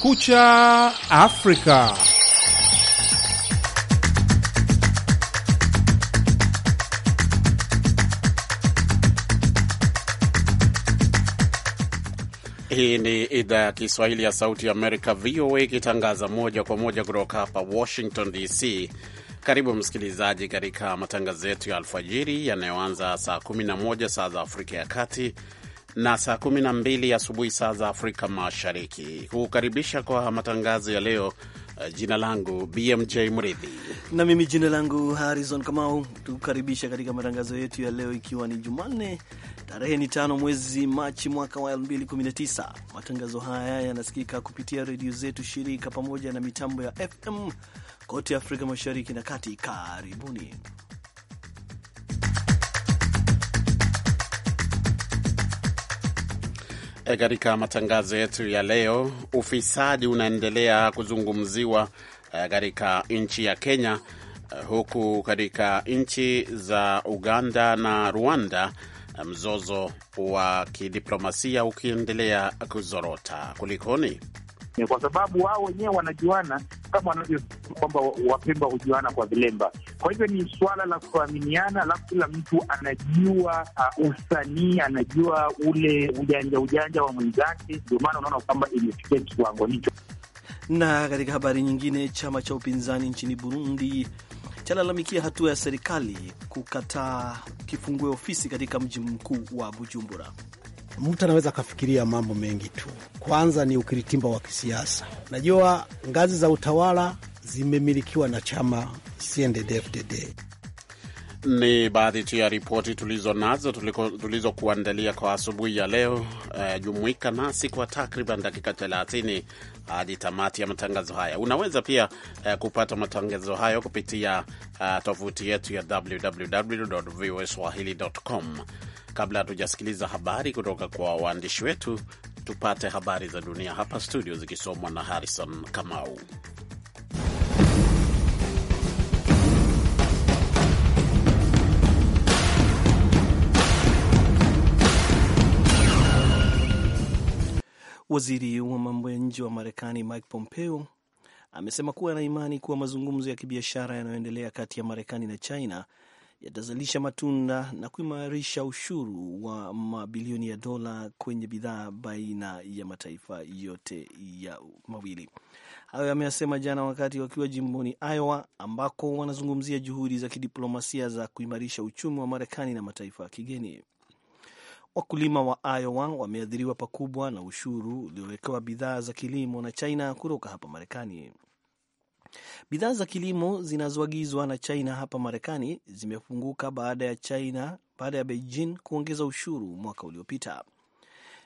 Kucha Afrika. Hii ni idhaa ya Kiswahili ya Sauti ya Amerika, VOA, ikitangaza moja kwa moja kutoka hapa Washington DC. Karibu msikilizaji, katika matangazo yetu ya alfajiri yanayoanza saa 11 saa za Afrika ya Kati na saa mbili asubuhi saa za Afrika Mashariki. Kukaribisha kwa matangazo ya leo. Eh, jina langu BMJ Mridhi na mimi jina langu Harrison Kamau. Tukukaribisha katika matangazo yetu ya leo, ikiwa ni Jumanne tarehe ni tano mwezi Machi mwaka wa 2019. Matangazo haya yanasikika kupitia redio zetu shirika pamoja na mitambo ya FM kote Afrika Mashariki na Kati. Karibuni. E, katika matangazo yetu ya leo, ufisadi unaendelea kuzungumziwa e, katika nchi ya Kenya, e, huku katika nchi za Uganda na Rwanda mzozo wa kidiplomasia ukiendelea kuzorota. Kulikoni? kwa sababu wao wenyewe wanajuana kama wanavyo kwamba Wapemba hujuana kwa vilemba. Kwa hivyo ni swala la kuaminiana, alafu kila mtu anajua uh, usanii anajua ule ujanja ujanja wa mwenzake, ndio maana unaona kwamba imefikia kiwango hicho. Na katika habari nyingine, chama cha upinzani nchini Burundi chalalamikia hatua ya serikali kukataa kifungue ofisi katika mji mkuu wa Bujumbura mtu anaweza akafikiria mambo mengi tu. Kwanza ni ukiritimba wa kisiasa. Najua ngazi za utawala zimemilikiwa na chama CNDD-FDD. Ni baadhi tu ya ripoti tulizo nazo tulizokuandalia kwa asubuhi ya leo. Uh, jumuika nasi kwa takriban dakika 30 hadi tamati ya matangazo haya. Unaweza pia uh, kupata matangazo hayo kupitia uh, tovuti yetu ya www voa swahili.com. Kabla hatujasikiliza habari kutoka kwa waandishi wetu, tupate habari za dunia hapa studio zikisomwa na Harrison Kamau. Waziri wa mambo ya nje wa Marekani Mike Pompeo amesema kuwa ana imani kuwa mazungumzo ya kibiashara yanayoendelea kati ya Marekani na China yatazalisha matunda na kuimarisha ushuru wa mabilioni ya dola kwenye bidhaa baina ya mataifa yote ya mawili. Hayo ameyasema jana wakati wakiwa jimboni Iowa, ambako wanazungumzia juhudi za kidiplomasia za kuimarisha uchumi wa Marekani na mataifa ya kigeni. Wakulima wa Iowa wameathiriwa pakubwa na ushuru uliowekewa bidhaa za kilimo na China kutoka hapa Marekani. Bidhaa za kilimo zinazoagizwa na China hapa Marekani zimefunguka baada ya China baada ya Beijing kuongeza ushuru mwaka uliopita.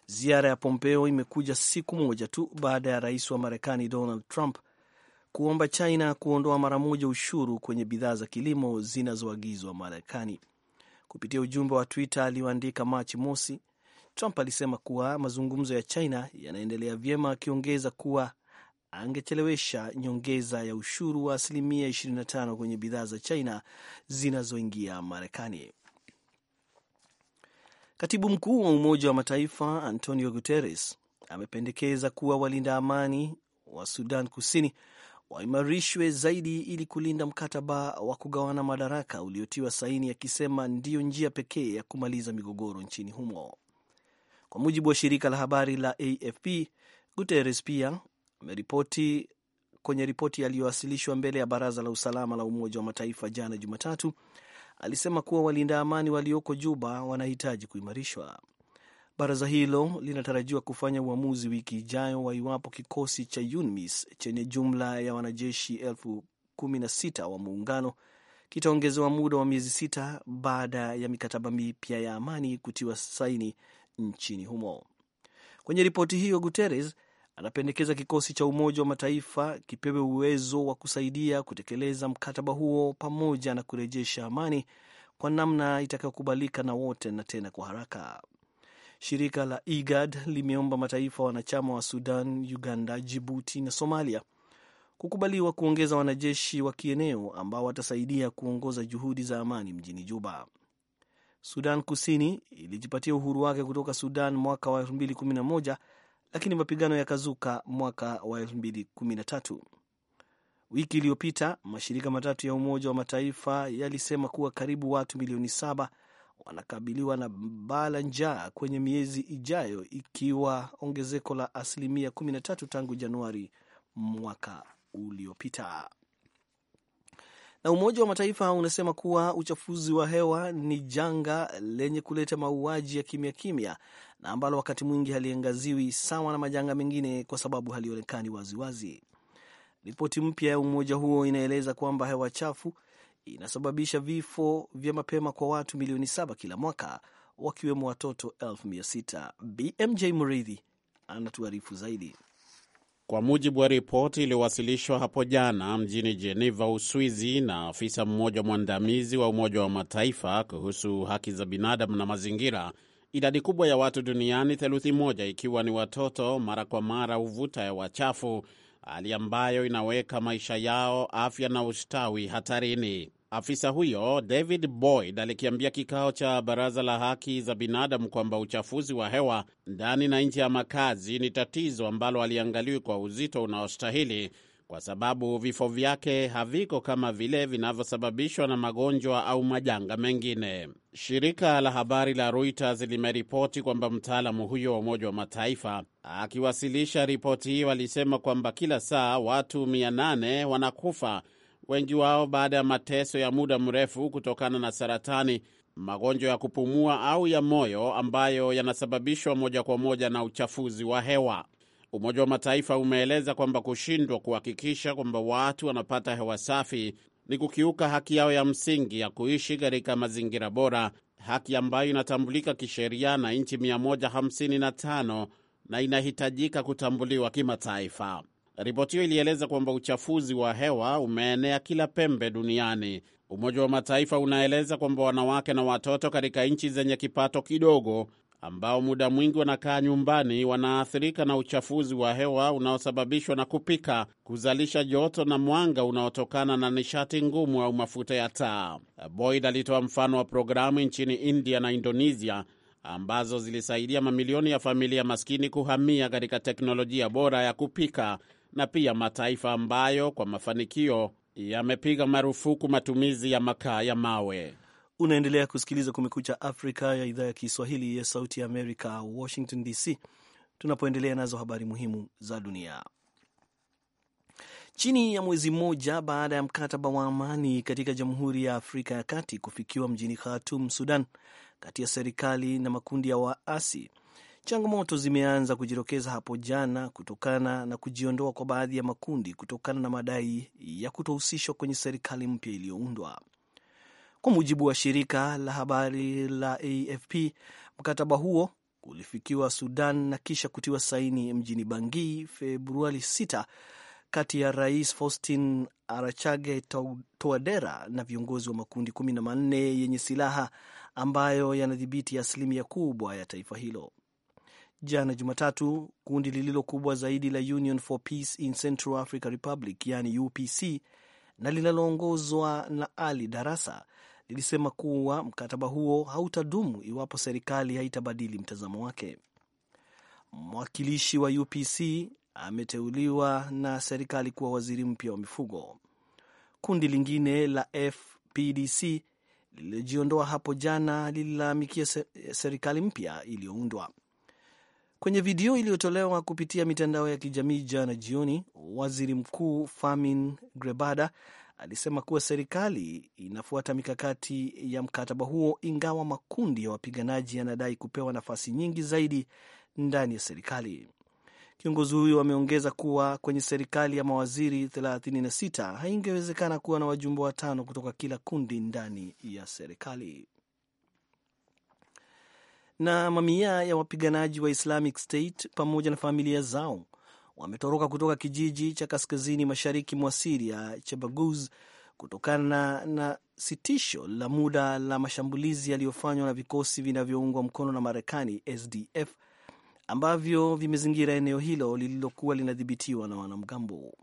Ziara ya Pompeo imekuja siku moja tu baada ya rais wa Marekani Donald Trump kuomba China kuondoa mara moja ushuru kwenye bidhaa za kilimo zinazoagizwa Marekani. Kupitia ujumbe wa Twitter aliyoandika Machi mosi, Trump alisema kuwa mazungumzo ya China yanaendelea vyema, akiongeza kuwa angechelewesha nyongeza ya ushuru wa asilimia 25 kwenye bidhaa za China zinazoingia Marekani. Katibu mkuu wa Umoja wa Mataifa Antonio Guterres amependekeza kuwa walinda amani wa Sudan Kusini waimarishwe zaidi ili kulinda mkataba wa kugawana madaraka uliotiwa saini, akisema ndiyo njia pekee ya kumaliza migogoro nchini humo. Kwa mujibu wa shirika la habari la AFP, Guterres pia ameripoti kwenye ripoti yaliyowasilishwa mbele ya Baraza la Usalama la Umoja wa Mataifa jana Jumatatu, alisema kuwa walinda amani walioko Juba wanahitaji kuimarishwa. Baraza hilo linatarajiwa kufanya uamuzi wiki ijayo wa iwapo kikosi cha UNMISS chenye jumla ya wanajeshi elfu kumi na sita wa muungano kitaongezewa muda wa miezi sita baada ya mikataba mipya ya amani kutiwa saini nchini humo. Kwenye ripoti hiyo, Guterres anapendekeza kikosi cha Umoja wa Mataifa kipewe uwezo wa kusaidia kutekeleza mkataba huo pamoja na kurejesha amani kwa namna itakayokubalika na wote na tena kwa haraka. Shirika la IGAD limeomba mataifa wanachama wa Sudan, Uganda, Jibuti na Somalia kukubaliwa kuongeza wanajeshi wa kieneo ambao watasaidia kuongoza juhudi za amani mjini Juba. Sudan Kusini ilijipatia uhuru wake kutoka Sudan mwaka wa 2011 lakini mapigano yakazuka mwaka wa 2013. Wiki iliyopita mashirika matatu ya Umoja wa Mataifa yalisema kuwa karibu watu milioni saba wanakabiliwa na baa la njaa kwenye miezi ijayo, ikiwa ongezeko la asilimia 13 tangu Januari mwaka uliopita. Na Umoja wa Mataifa unasema kuwa uchafuzi wa hewa ni janga lenye kuleta mauaji ya kimya kimya na ambalo wakati mwingi haliangaziwi sawa na majanga mengine kwa sababu halionekani waziwazi. Ripoti mpya ya umoja huo inaeleza kwamba hewa chafu inasababisha vifo vya mapema kwa watu milioni saba kila mwaka wakiwemo watoto elfu mia sita. BMJ Murithi anatuarifu zaidi. Kwa mujibu wa ripoti iliyowasilishwa hapo jana mjini Jeneva, Uswizi, na afisa mmoja mwandamizi wa Umoja wa Mataifa kuhusu haki za binadamu na mazingira Idadi kubwa ya watu duniani, theluthi moja ikiwa ni watoto, mara kwa mara huvuta ya wachafu hali ambayo inaweka maisha yao, afya na ustawi hatarini. Afisa huyo David Boyd alikiambia kikao cha baraza la haki za binadamu kwamba uchafuzi wa hewa ndani na nje ya makazi ni tatizo ambalo haliangaliwi kwa uzito unaostahili kwa sababu vifo vyake haviko kama vile vinavyosababishwa na magonjwa au majanga mengine. Shirika la habari la Reuters limeripoti kwamba mtaalamu huyo wa Umoja wa Mataifa akiwasilisha ripoti hiyo alisema kwamba kila saa watu 800 wanakufa, wengi wao baada ya mateso ya muda mrefu kutokana na saratani, magonjwa ya kupumua au ya moyo ambayo yanasababishwa moja kwa moja na uchafuzi wa hewa. Umoja wa Mataifa umeeleza kwamba kushindwa kuhakikisha kwamba watu wanapata hewa safi ni kukiuka haki yao ya msingi ya kuishi katika mazingira bora, haki ambayo inatambulika kisheria na nchi 155 na inahitajika kutambuliwa kimataifa. Ripoti hiyo ilieleza kwamba uchafuzi wa hewa umeenea kila pembe duniani. Umoja wa Mataifa unaeleza kwamba wanawake na watoto katika nchi zenye kipato kidogo ambao muda mwingi wanakaa nyumbani wanaathirika na uchafuzi wa hewa unaosababishwa na kupika, kuzalisha joto na mwanga unaotokana na nishati ngumu au mafuta ya taa. Boyd alitoa mfano wa programu nchini India na Indonesia ambazo zilisaidia mamilioni ya familia maskini kuhamia katika teknolojia bora ya kupika na pia mataifa ambayo kwa mafanikio yamepiga marufuku matumizi ya makaa ya mawe. Unaendelea kusikiliza Kumekucha Afrika ya idhaa ya Kiswahili ya Sauti ya Amerika, Washington DC, tunapoendelea nazo habari muhimu za dunia. Chini ya mwezi mmoja baada ya mkataba wa amani katika Jamhuri ya Afrika ya Kati kufikiwa mjini Khartoum, Sudan, kati ya serikali na makundi ya waasi, changamoto zimeanza kujitokeza hapo jana kutokana na kujiondoa kwa baadhi ya makundi kutokana na madai ya kutohusishwa kwenye serikali mpya iliyoundwa. Kwa mujibu wa shirika la habari la AFP, mkataba huo ulifikiwa Sudan na kisha kutiwa saini mjini Bangi Februari 6 kati ya Rais Faustin Arachage toadera na viongozi wa makundi kumi na manne yenye silaha ambayo yanadhibiti asilimia ya kubwa ya taifa hilo. Jana Jumatatu, kundi lililo kubwa zaidi la Union for Peace in Central Africa Republic, yani UPC, na linaloongozwa na Ali Darasa lilisema kuwa mkataba huo hautadumu iwapo serikali haitabadili mtazamo wake. Mwakilishi wa UPC ameteuliwa na serikali kuwa waziri mpya wa mifugo. Kundi lingine la FPDC lililojiondoa hapo jana lililalamikia serikali mpya iliyoundwa. Kwenye video iliyotolewa kupitia mitandao ya kijamii jana jioni, waziri mkuu Famin Grebada alisema kuwa serikali inafuata mikakati ya mkataba huo, ingawa makundi ya wapiganaji yanadai kupewa nafasi nyingi zaidi ndani ya serikali. Kiongozi huyo ameongeza kuwa kwenye serikali ya mawaziri 36 haingewezekana kuwa na wajumbe watano kutoka kila kundi ndani ya serikali. Na mamia ya wapiganaji wa Islamic State pamoja na familia zao wametoroka kutoka kijiji cha kaskazini mashariki mwa Siria cha Baguz kutokana na sitisho la muda la mashambulizi yaliyofanywa na vikosi vinavyoungwa mkono na Marekani SDF ambavyo vimezingira eneo hilo lililokuwa linadhibitiwa na wanamgambo.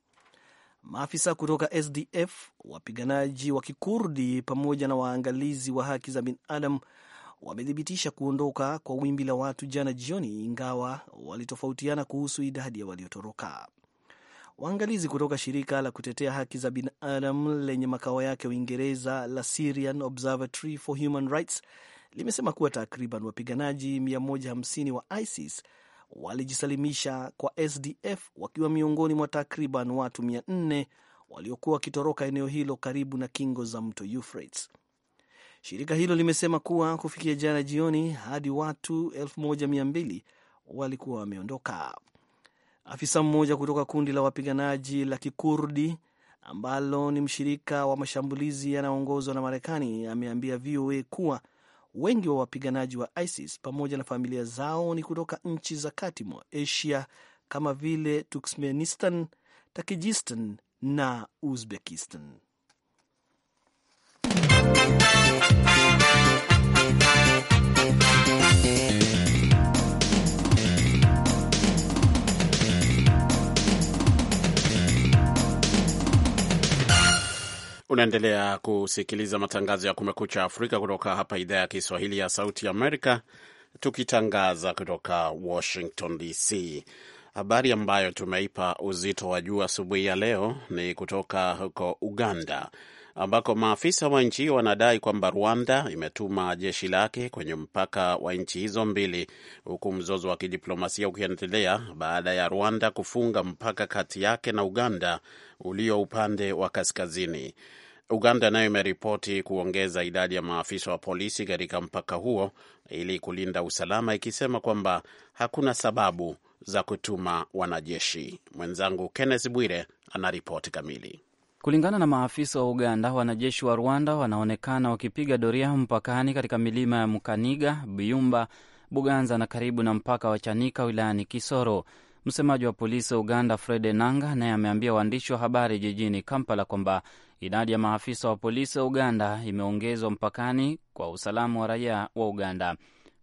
Maafisa kutoka SDF, wapiganaji wa Kikurdi pamoja na waangalizi wa haki za binadamu wamethibitisha kuondoka kwa wimbi la watu jana jioni, ingawa walitofautiana kuhusu idadi ya waliotoroka. Waangalizi kutoka shirika la kutetea haki za binadamu lenye makao yake Uingereza la Syrian Observatory for Human Rights limesema kuwa takriban wapiganaji 150 wa ISIS walijisalimisha kwa SDF wakiwa miongoni mwa takriban watu 400 waliokuwa wakitoroka eneo hilo karibu na kingo za mto Euphrates. Shirika hilo limesema kuwa kufikia jana jioni hadi watu 1200 walikuwa wameondoka. Afisa mmoja kutoka kundi la wapiganaji la Kikurdi ambalo ni mshirika wa mashambulizi yanayoongozwa na Marekani ameambia VOA kuwa wengi wa wapiganaji wa ISIS pamoja na familia zao ni kutoka nchi za kati mwa Asia kama vile Turkmenistan, Tajikistan na Uzbekistan. Unaendelea kusikiliza matangazo ya Kumekucha Afrika kutoka hapa idhaa ya Kiswahili ya Sauti Amerika, tukitangaza kutoka Washington DC. Habari ambayo tumeipa uzito wa juu asubuhi ya leo ni kutoka huko Uganda ambako maafisa wa nchi hiyo wanadai kwamba Rwanda imetuma jeshi lake kwenye mpaka wa nchi hizo mbili, huku mzozo wa kidiplomasia ukiendelea baada ya Rwanda kufunga mpaka kati yake na Uganda ulio upande wa kaskazini. Uganda nayo imeripoti kuongeza idadi ya maafisa wa polisi katika mpaka huo ili kulinda usalama, ikisema kwamba hakuna sababu za kutuma wanajeshi. Mwenzangu Kenneth Bwire anaripoti kamili. Kulingana na maafisa wa Uganda, wanajeshi wa Rwanda wanaonekana wakipiga doria mpakani katika milima ya Mukaniga, biyumba Buganza na karibu na mpaka wa Chanika wilayani Kisoro. Msemaji wa polisi wa Uganda Fred Enanga naye ameambia waandishi wa habari jijini Kampala kwamba idadi ya maafisa wa polisi wa Uganda imeongezwa mpakani kwa usalama wa raia wa Uganda.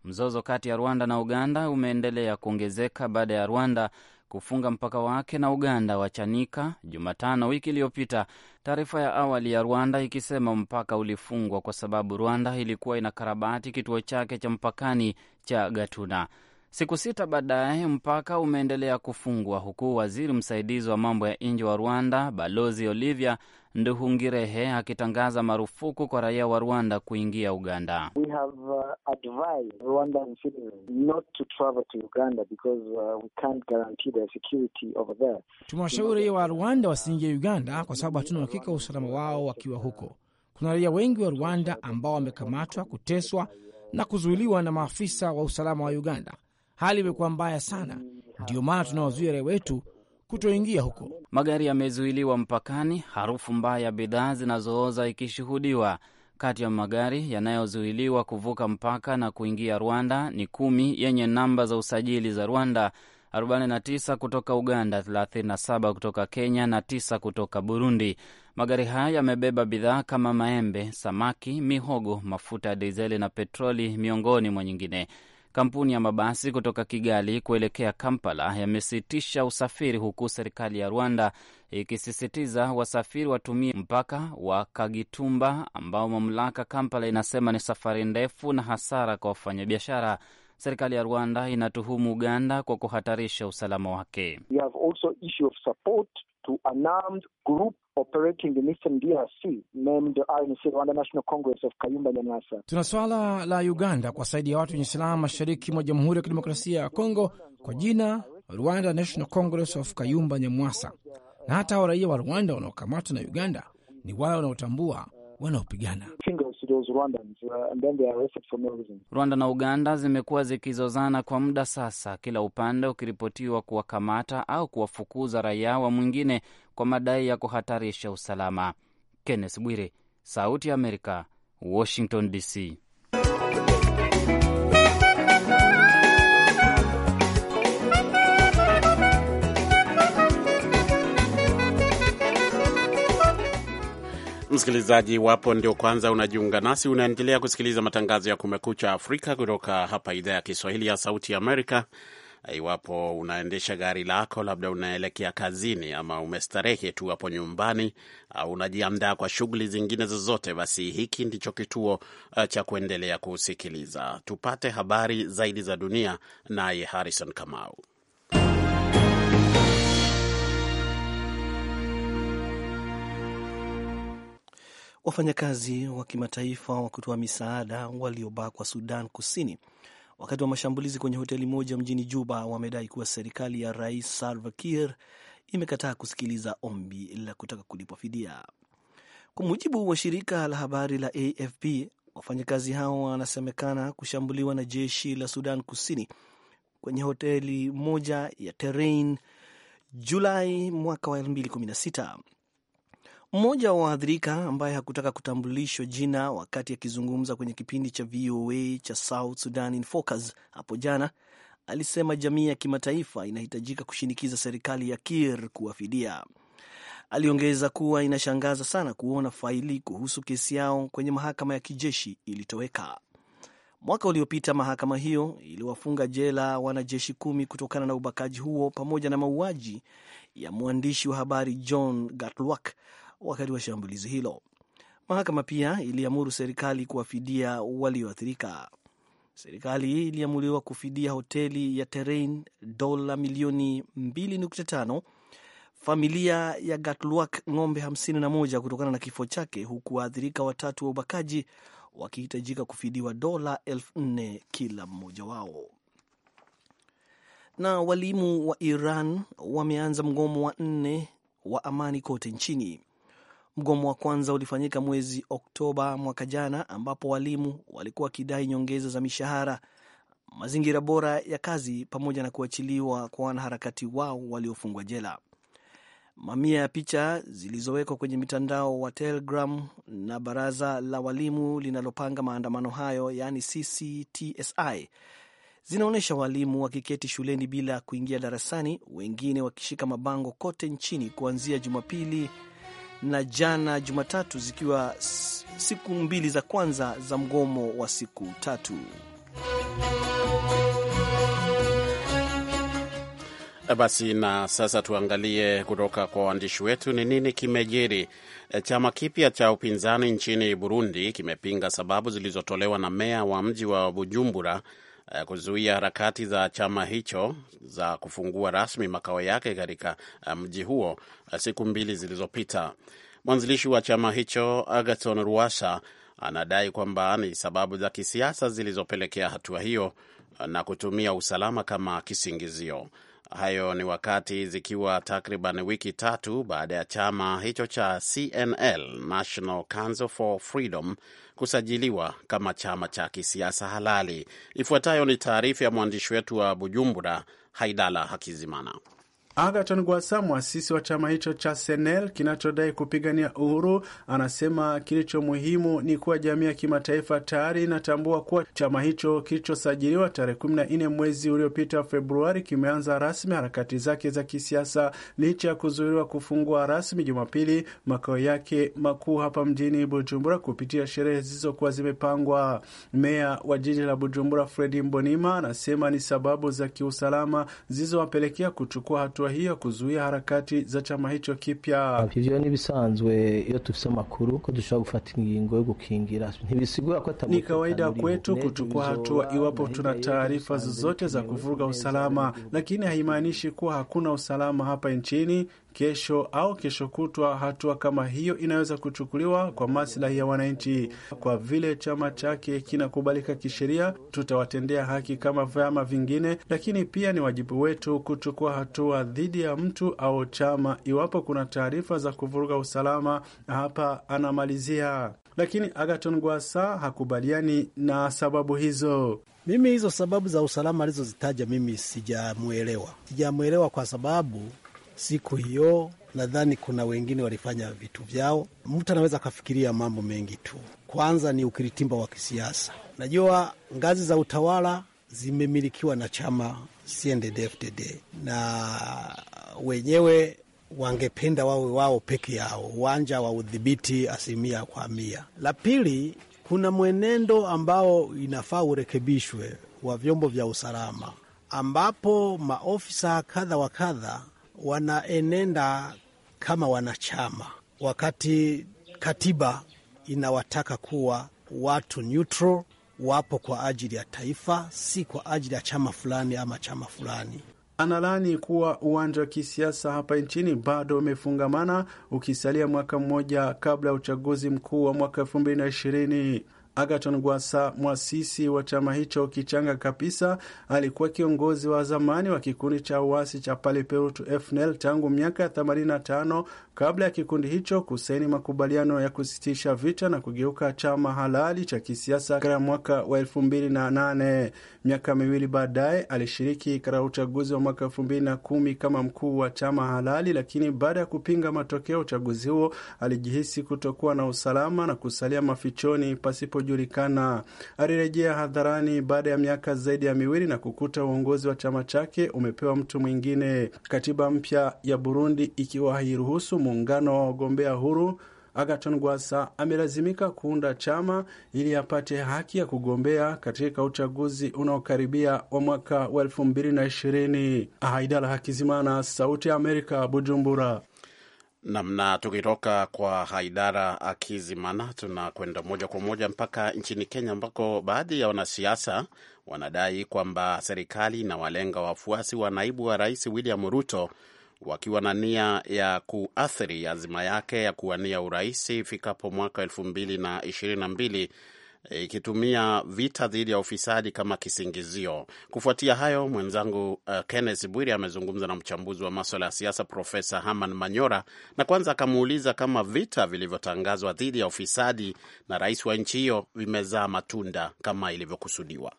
Mzozo kati ya Rwanda na Uganda umeendelea kuongezeka baada ya Rwanda kufunga mpaka wake na Uganda wa Chanika Jumatano wiki iliyopita, taarifa ya awali ya Rwanda ikisema mpaka ulifungwa kwa sababu Rwanda ilikuwa inakarabati kituo chake cha mpakani cha Gatuna. Siku sita baadaye mpaka umeendelea kufungwa huku waziri msaidizi wa mambo ya nje wa Rwanda Balozi Olivia Nduhungirehe akitangaza marufuku kwa raia wa Rwanda kuingia Uganda. We have, uh, tumewashauri wa Rwanda wasiingie Uganda kwa sababu hatuna uhakika wa usalama wao wakiwa huko. Kuna raia wengi wa Rwanda ambao wamekamatwa, kuteswa na kuzuiliwa na maafisa wa usalama wa Uganda. Hali imekuwa mbaya sana, ndiyo maana tunawazuia raia wetu kutoingia huko. Magari yamezuiliwa mpakani, harufu mbaya ya bidhaa zinazooza ikishuhudiwa. Kati ya magari yanayozuiliwa kuvuka mpaka na kuingia Rwanda ni kumi yenye namba za usajili za Rwanda, 49 kutoka Uganda, 37 kutoka Kenya na 9 kutoka Burundi. Magari haya yamebeba bidhaa kama maembe, samaki, mihogo, mafuta ya dizeli na petroli, miongoni mwa nyingine. Kampuni ya mabasi kutoka Kigali kuelekea Kampala yamesitisha usafiri, huku serikali ya Rwanda ikisisitiza wasafiri watumie mpaka wa Kagitumba ambao mamlaka Kampala inasema ni safari ndefu na hasara kwa wafanyabiashara. Serikali ya Rwanda inatuhumu Uganda kwa kuhatarisha usalama wake. We have also issue of support to an armed group operating in eastern DRC named RNC, Rwanda National Congress of Kayumba Nyamwasa. Tuna swala la Uganda kwa saidi ya watu wenye silaha mashariki mwa Jamhuri ya Kidemokrasia ya Kongo kwa jina Rwanda National Congress of Kayumba Nyamwasa, na hata hao raia wa Rwanda wanaokamatwa na Uganda ni wale wanaotambua wanaopigana to those Rwandans, uh, and then they are arrested for no reason. Rwanda na Uganda zimekuwa zikizozana kwa muda sasa, kila upande ukiripotiwa kuwakamata au kuwafukuza raia wa mwingine kwa madai ya kuhatarisha usalama. Kenneth Bwire, Sauti ya Amerika, Washington DC. Msikilizaji wapo ndio kwanza unajiunga nasi, unaendelea kusikiliza matangazo ya Kumekucha Afrika kutoka hapa idhaa ya Kiswahili ya Sauti ya Amerika. Iwapo unaendesha gari lako, labda unaelekea kazini, ama umestarehe tu hapo nyumbani, au unajiandaa kwa shughuli zingine zozote, basi hiki ndicho kituo eh, cha kuendelea kusikiliza. Tupate habari zaidi za dunia, naye Harrison Kamau. wafanyakazi wa kimataifa wa kutoa misaada waliobakwa Sudan Kusini wakati wa mashambulizi kwenye hoteli moja mjini Juba wamedai kuwa serikali ya Rais Salva Kiir imekataa kusikiliza ombi la kutaka kulipwa fidia. Kwa mujibu wa shirika la habari la AFP, wafanyakazi hao wanasemekana kushambuliwa na jeshi la Sudan Kusini kwenye hoteli moja ya Terrain Julai mwaka wa 2016 mmoja wa waathirika ambaye hakutaka kutambulishwa jina wakati akizungumza kwenye kipindi cha VOA cha South Sudan in Focus hapo jana alisema jamii ya kimataifa inahitajika kushinikiza serikali ya Kir kuwafidia. Aliongeza kuwa inashangaza sana kuona faili kuhusu kesi yao kwenye mahakama ya kijeshi ilitoweka. Mwaka uliopita mahakama hiyo iliwafunga jela wanajeshi kumi kutokana na ubakaji huo pamoja na mauaji ya mwandishi wa habari John Gatluak wakati wa shambulizi hilo. Mahakama pia iliamuru serikali kuwafidia walioathirika. Serikali iliamuliwa kufidia hoteli ya Terrain dola milioni 2.5, familia ya Gatluak ng'ombe 51 kutokana na kifo chake, huku waathirika watatu wa ubakaji wakihitajika kufidiwa dola 4,000 kila mmoja wao. Na walimu wa Iran wameanza mgomo wa nne wa amani kote nchini. Mgomo wa kwanza ulifanyika mwezi Oktoba mwaka jana, ambapo walimu walikuwa wakidai nyongeza za mishahara, mazingira bora ya kazi, pamoja na kuachiliwa kwa wanaharakati wao waliofungwa jela. Mamia ya picha zilizowekwa kwenye mitandao wa Telegram na baraza la walimu linalopanga maandamano hayo, yaani CCTSI, zinaonyesha walimu wakiketi shuleni bila kuingia darasani, wengine wakishika mabango kote nchini kuanzia Jumapili na jana Jumatatu, zikiwa siku mbili za kwanza za mgomo wa siku tatu. Basi na sasa tuangalie kutoka kwa waandishi wetu ni nini kimejiri. E, chama kipya cha upinzani nchini Burundi kimepinga sababu zilizotolewa na meya wa mji wa Bujumbura Eh, kuzuia harakati za chama hicho za kufungua rasmi makao yake katika eh, mji huo eh, siku mbili zilizopita. Mwanzilishi wa chama hicho Agaton ruasa anadai kwamba ni sababu za kisiasa zilizopelekea hatua hiyo na kutumia usalama kama kisingizio. Hayo ni wakati zikiwa takriban wiki tatu baada ya chama hicho cha CNL, National Council for Freedom, kusajiliwa kama chama cha kisiasa halali. Ifuatayo ni taarifa ya mwandishi wetu wa Bujumbura, Haidala Hakizimana. Agaton Gwasa, mwasisi wa chama hicho cha Senel kinachodai kupigania uhuru, anasema kilicho muhimu ni kuwa jamii ya kimataifa tayari inatambua kuwa chama hicho kilichosajiliwa tarehe nne mwezi uliopita Februari kimeanza rasmi harakati zake za kisiasa licha ya kuzuiliwa kufungua rasmi Jumapili makao yake makuu hapa mjini Bujumbura kupitia sherehe zilizokuwa zimepangwa. Meya wa jiji la Bujumbura Fredi Mbonima anasema ni sababu za kiusalama zilizowapelekea kuchukua hatua hatua hiyo kuzuia harakati za chama hicho kipya. Ah, hivyo ni nibisanzwe iyo tufise makuru ko dushobora gufata ingingo yo gukingira ntibisigura ko ni kawaida kwetu kuchukua hatua iwapo tuna taarifa zozote za kuvuruga usalama, lakini haimaanishi kuwa hakuna usalama hapa nchini kesho au kesho kutwa. Hatua kama hiyo inaweza kuchukuliwa kwa maslahi ya wananchi. Kwa vile chama chake kinakubalika kisheria, tutawatendea haki kama vyama vingine, lakini pia ni wajibu wetu kuchukua hatua dhidi ya mtu au chama iwapo kuna taarifa za kuvuruga usalama. Hapa anamalizia lakini Agaton Gwasa hakubaliani na sababu hizo. Mimi hizo sababu za usalama alizozitaja mimi sijamwelewa, sijamwelewa kwa sababu siku hiyo. Nadhani kuna wengine walifanya vitu vyao. Mtu anaweza akafikiria mambo mengi tu. Kwanza ni ukiritimba wa kisiasa. Najua ngazi za utawala zimemilikiwa na chama CNDD-FDD na wenyewe wangependa wawe wao peke yao, uwanja wa udhibiti asilimia kwa mia. La pili, kuna mwenendo ambao inafaa urekebishwe wa vyombo vya usalama, ambapo maofisa kadha wa kadha wanaenenda kama wanachama, wakati katiba inawataka kuwa watu neutral, wapo kwa ajili ya taifa, si kwa ajili ya chama fulani ama chama fulani. Analani kuwa uwanja wa kisiasa hapa nchini bado umefungamana ukisalia mwaka mmoja kabla ya uchaguzi mkuu wa mwaka elfu mbili na ishirini. Agaton Gwasa, mwasisi wa chama hicho kichanga kabisa, alikuwa kiongozi wa zamani wa kikundi cha uasi cha Palipeutu FNL tangu miaka 85 kabla ya kikundi hicho kusaini makubaliano ya kusitisha vita na kugeuka chama halali cha kisiasa katika mwaka wa elfu mbili na nane Miaka miwili baadaye alishiriki katika uchaguzi wa mwaka elfu mbili na kumi kama mkuu wa chama halali, lakini baada ya kupinga matokeo ya uchaguzi huo alijihisi kutokuwa na usalama na kusalia mafichoni pasipojulikana. Alirejea hadharani baada ya miaka zaidi ya miwili na kukuta uongozi wa chama chake umepewa mtu mwingine. Katiba mpya ya Burundi ikiwa hairuhusu muungano wa wagombea huru agaton Gwasa amelazimika kuunda chama ili apate haki ya kugombea katika uchaguzi unaokaribia wa mwaka wa elfu mbili na ishirini. Haidala Hakizimana, Sauti ya Amerika, Bujumbura. Namna tukitoka kwa Haidara Akizimana, tunakwenda moja kwa moja mpaka nchini Kenya, ambako baadhi ya wanasiasa wanadai kwamba serikali inawalenga wafuasi wa naibu wa rais William Ruto wakiwa na nia ya kuathiri azima yake ya kuwania urais ifikapo mwaka elfu mbili na ishirini na mbili ikitumia vita dhidi ya ufisadi kama kisingizio. Kufuatia hayo, mwenzangu uh, Kenneth Bwiri amezungumza na mchambuzi wa maswala ya siasa Profesa Haman Manyora, na kwanza akamuuliza kama vita vilivyotangazwa dhidi ya ufisadi na rais wa nchi hiyo vimezaa matunda kama ilivyokusudiwa.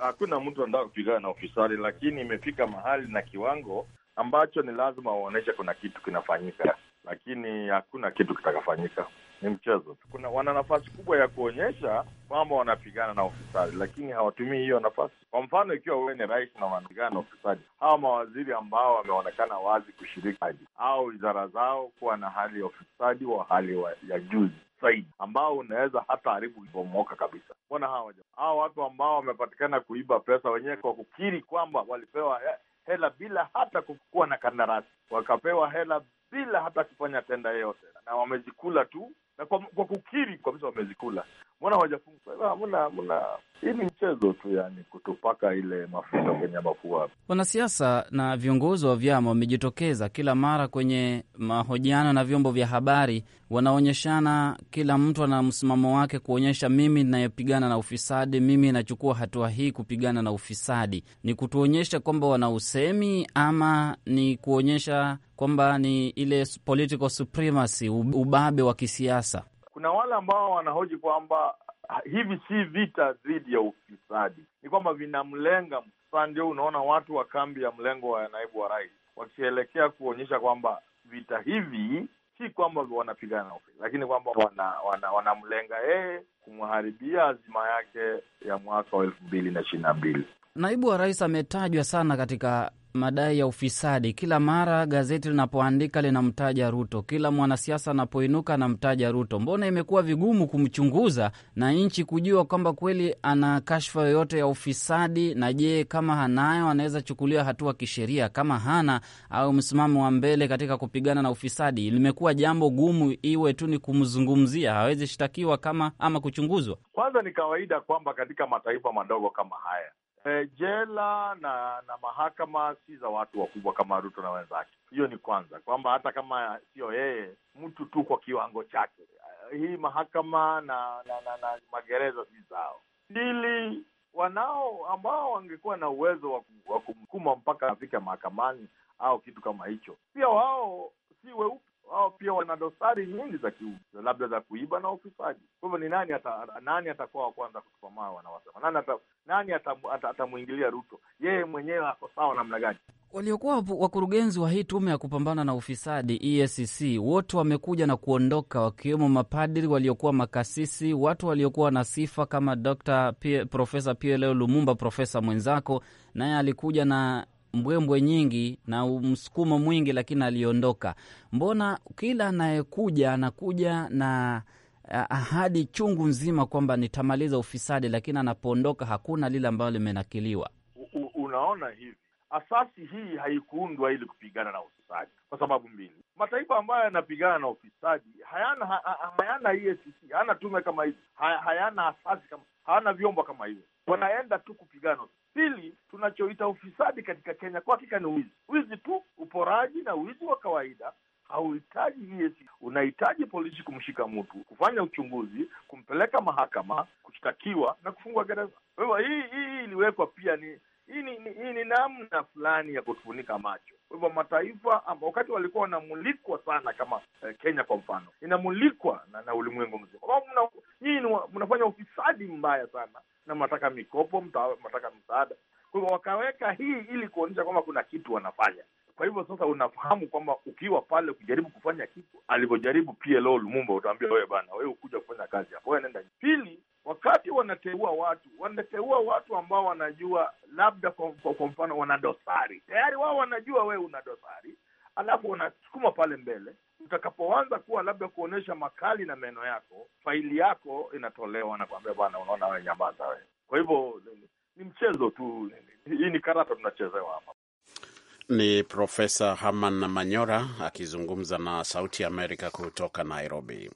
Hakuna mtu anataka kupigana na ufisadi, lakini imefika mahali na kiwango ambacho ni lazima waonyeshe kuna kitu kinafanyika, lakini hakuna kitu kitakafanyika. Ni mchezo tu. Kuna wana nafasi kubwa ya kuonyesha kwamba wanapigana na ufisadi, lakini hawatumii hiyo nafasi. Kwa mfano, ikiwa wewe ni rais na wanapigana na ufisadi, hawa mawaziri ambao wameonekana wazi kushiriki au wizara zao kuwa na hali ya ufisadi wa hali wa ya juu zaidi, ambao unaweza hata haribu kubomoka kabisa. Mbona hawa watu ambao wamepatikana kuiba pesa wenyewe kwa kukiri kwamba walipewa eh, hela bila hata kukuwa na kandarasi, wakapewa hela bila hata kufanya tenda yeyote, na wamezikula tu na kwa, kwa kukiri kabisa wamezikula mbona hawajafunga? Mna mna hii ni mchezo tu, yani kutupaka ile mafuta kwenye mafua. Wanasiasa na viongozi wa vyama wamejitokeza kila mara kwenye mahojiano na vyombo vya habari, wanaonyeshana, kila mtu ana msimamo wake, kuonyesha mimi ninayopigana na ufisadi, mimi nachukua hatua hii kupigana na ufisadi. Ni kutuonyesha kwamba wana usemi ama ni kuonyesha kwamba ni ile political supremacy, ubabe wa kisiasa? kuna wale ambao wanahoji kwamba hivi si vita dhidi ya ufisadi, ni kwamba vinamlenga. Sasa ndio unaona watu wa kambi ya mlengo wa naibu wa rais wakielekea kuonyesha kwamba vita hivi si kwamba wanapigana na ufisadi, lakini kwamba wanamlenga wana, wana yeye kumharibia azima yake ya mwaka wa elfu mbili na ishirini na mbili. Naibu wa rais ametajwa sana katika madai ya ufisadi. Kila mara gazeti linapoandika linamtaja Ruto, kila mwanasiasa anapoinuka anamtaja Ruto. Mbona imekuwa vigumu kumchunguza na nchi kujua kwamba kweli ana kashfa yoyote ya ufisadi? Na je, kama hanayo anaweza chukuliwa hatua kisheria? Kama hana au msimamo wa mbele katika kupigana na ufisadi, limekuwa jambo gumu, iwe tu ni kumzungumzia, hawezi shtakiwa kama ama kuchunguzwa. Kwanza ni kawaida kwamba katika mataifa madogo kama haya E, jela na na mahakama si za watu wakubwa kama Ruto na wenzake. Hiyo ni kwanza, kwamba hata kama sio yeye, mtu tu kwa kiwango chake. Eh, hii mahakama na na, na, na magereza si zao. Pili, wanao ambao wangekuwa na uwezo wa kumhukuma mpaka afike mahakamani au kitu kama hicho, pia wao si weupe wao pia wana dosari nyingi za kiutu, labda za kuiba na ufisadi. Kwa hivyo ni nani ata, nani atakuwa wa kwanza mawe? Wanawasema nani, ata, nani atamwingilia ata, ata Ruto? Yeye mwenyewe ako sawa namna gani? Waliokuwa wakurugenzi wa hii tume ya kupambana na ufisadi EACC wote wamekuja na kuondoka, wakiwemo mapadri waliokuwa makasisi, watu waliokuwa na sifa kama Dr. Profesa Pierre Lumumba, profesa mwenzako naye alikuja na mbwembwe nyingi na msukumo mwingi, lakini aliondoka. Mbona kila anayekuja anakuja na eh, ahadi chungu nzima kwamba nitamaliza ufisadi, lakini anapoondoka hakuna lile ambalo limenakiliwa? Unaona hivi, asasi hii haikuundwa ili kupigana na ufisadi kwa sababu mbili. Mataifa ambayo yanapigana na ufisadi hayana ha, hayana EACC, hayana tume kama hizi, hayana asasi kama, hayana vyombo kama hivyo wanaenda tu kupigana. Pili, tunachoita ufisadi katika Kenya kwa hakika ni wizi, wizi tu, uporaji na wizi wa kawaida. Hauhitaji EACC, unahitaji polisi kumshika mtu, kufanya uchunguzi, kumpeleka mahakama, kushtakiwa na kufungwa gereza. Kwa hivyo hii hii iliwekwa pia ni hii ni, hii ni namna fulani ya kutufunika macho. Kwa hivyo mataifa ambao wakati walikuwa wanamulikwa sana kama eh, Kenya kwa mfano inamulikwa na, na ulimwengu mzima, kwa sababu mnafanya ufisadi mbaya sana na mnataka mikopo, mnataka msaada. Kwa hivyo wakaweka hii ili kuonyesha kwamba kuna kitu wanafanya. Kwa hivyo sasa unafahamu kwamba ukiwa pale ukijaribu kufanya kitu alivyojaribu PLO Lumumba, utaambia wewe bana, wewe ukuja kufanya kazi hapo, wewe nenda. Pili, wakati wanateua watu, wanateua watu ambao wanajua, labda kwa mfano, wana dosari tayari, wao wanajua wewe una dosari, alafu wanasukuma pale mbele utakapoanza kuwa labda kuonyesha makali na meno yako, faili yako inatolewa na kuambia, bwana, unaona wewe, nyamaza wewe. Kwa hivyo ni, mchezo tu, hii ni karata tunachezewa hapa. Ni Profesa Haman Manyora akizungumza na Sauti ya Amerika kutoka Nairobi.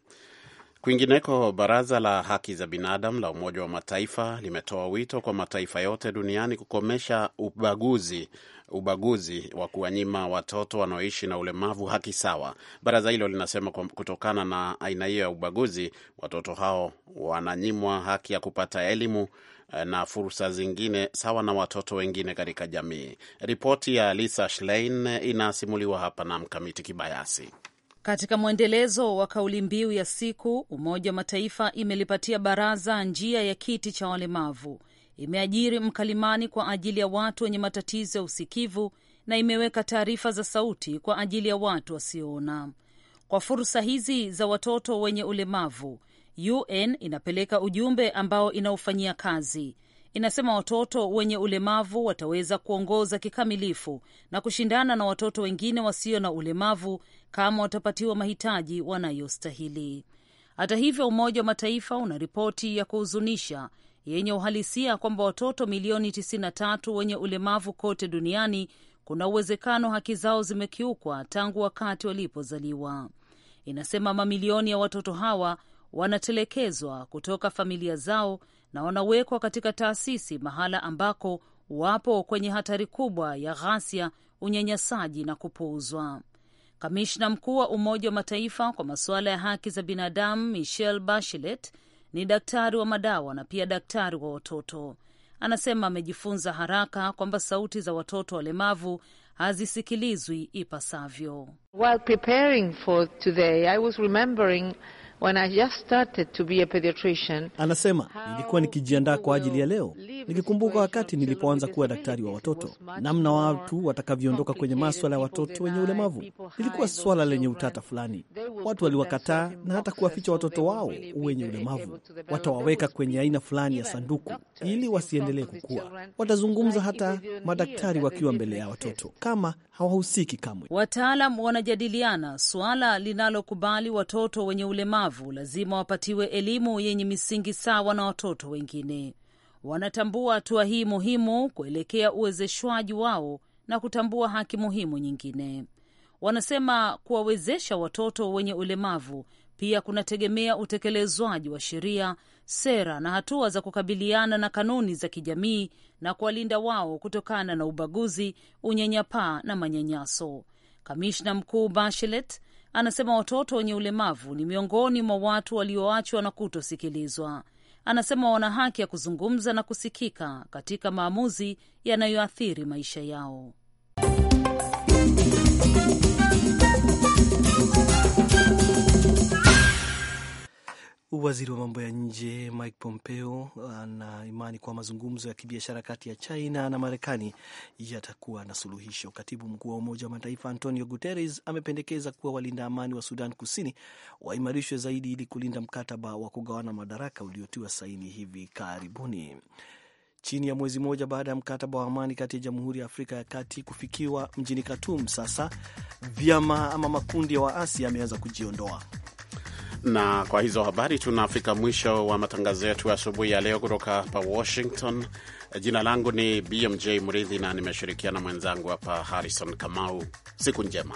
Kwingineko, baraza la haki za binadamu la Umoja wa Mataifa limetoa wito kwa mataifa yote duniani kukomesha ubaguzi ubaguzi wa kuwanyima watoto wanaoishi na ulemavu haki sawa. Baraza hilo linasema kutokana na aina hiyo ya ubaguzi, watoto hao wananyimwa haki ya kupata elimu eh, na fursa zingine sawa na watoto wengine katika jamii. Ripoti ya Lisa Schlein inasimuliwa hapa na Mkamiti Kibayasi. Katika mwendelezo wa kauli mbiu ya siku, Umoja wa Mataifa imelipatia baraza njia ya kiti cha walemavu imeajiri mkalimani kwa ajili ya watu wenye matatizo ya usikivu na imeweka taarifa za sauti kwa ajili ya watu wasioona. Kwa fursa hizi za watoto wenye ulemavu, UN inapeleka ujumbe ambao inaofanyia kazi. Inasema watoto wenye ulemavu wataweza kuongoza kikamilifu na kushindana na watoto wengine wasio na ulemavu kama watapatiwa mahitaji wanayostahili. Hata hivyo, Umoja wa Mataifa una ripoti ya kuhuzunisha yenye uhalisia kwamba watoto milioni 93 wenye ulemavu kote duniani kuna uwezekano haki zao zimekiukwa tangu wakati walipozaliwa. Inasema mamilioni ya watoto hawa wanatelekezwa kutoka familia zao na wanawekwa katika taasisi, mahala ambako wapo kwenye hatari kubwa ya ghasia, unyanyasaji na kupuuzwa. Kamishna mkuu wa Umoja wa Mataifa kwa masuala ya haki za binadamu Michelle Bachelet ni daktari wa madawa na pia daktari wa watoto. Anasema amejifunza haraka kwamba sauti za watoto walemavu hazisikilizwi ipasavyo. While preparing for today, I was remembering When I just started to be a pediatrician, anasema nilikuwa nikijiandaa kwa ajili ya leo, nikikumbuka wakati nilipoanza kuwa daktari wa watoto, namna watu watakavyoondoka kwenye maswala ya watoto wenye ulemavu. Ilikuwa swala lenye utata fulani, watu waliwakataa na hata kuwaficha watoto wao wenye ulemavu. Watawaweka kwenye aina fulani ya sanduku ili wasiendelee kukua. Watazungumza hata madaktari wakiwa mbele ya watoto kama hawahusiki kamwe. Wataalam wanajadiliana swala linalokubali watoto wenye ulemavu walemavu lazima wapatiwe elimu yenye misingi sawa na watoto wengine. Wanatambua hatua hii muhimu kuelekea uwezeshwaji wao na kutambua haki muhimu nyingine. Wanasema kuwawezesha watoto wenye ulemavu pia kunategemea utekelezwaji wa sheria, sera na hatua za kukabiliana na kanuni za kijamii na kuwalinda wao kutokana na ubaguzi, unyanyapaa na manyanyaso. Kamishna Mkuu Bachelet Anasema watoto wenye ulemavu ni miongoni mwa watu walioachwa na kutosikilizwa. Anasema wana haki ya kuzungumza na kusikika katika maamuzi yanayoathiri maisha yao. Waziri wa mambo ya nje Mike Pompeo ana imani kuwa mazungumzo ya kibiashara kati ya China na Marekani yatakuwa na suluhisho. Katibu mkuu wa Umoja wa Mataifa Antonio Guterres amependekeza kuwa walinda amani wa Sudan Kusini waimarishwe zaidi ili kulinda mkataba wa kugawana madaraka uliotiwa saini hivi karibuni. Chini ya mwezi mmoja baada ya mkataba wa amani kati ya Jamhuri ya Afrika ya Kati kufikiwa mjini Khartoum, sasa vyama ama makundi ya waasi yameanza kujiondoa. Na kwa hizo habari tunafika mwisho wa matangazo yetu asubuhi ya leo kutoka hapa Washington. Jina langu ni BMJ Mridhi na nimeshirikiana mwenzangu hapa Harrison Kamau. Siku njema.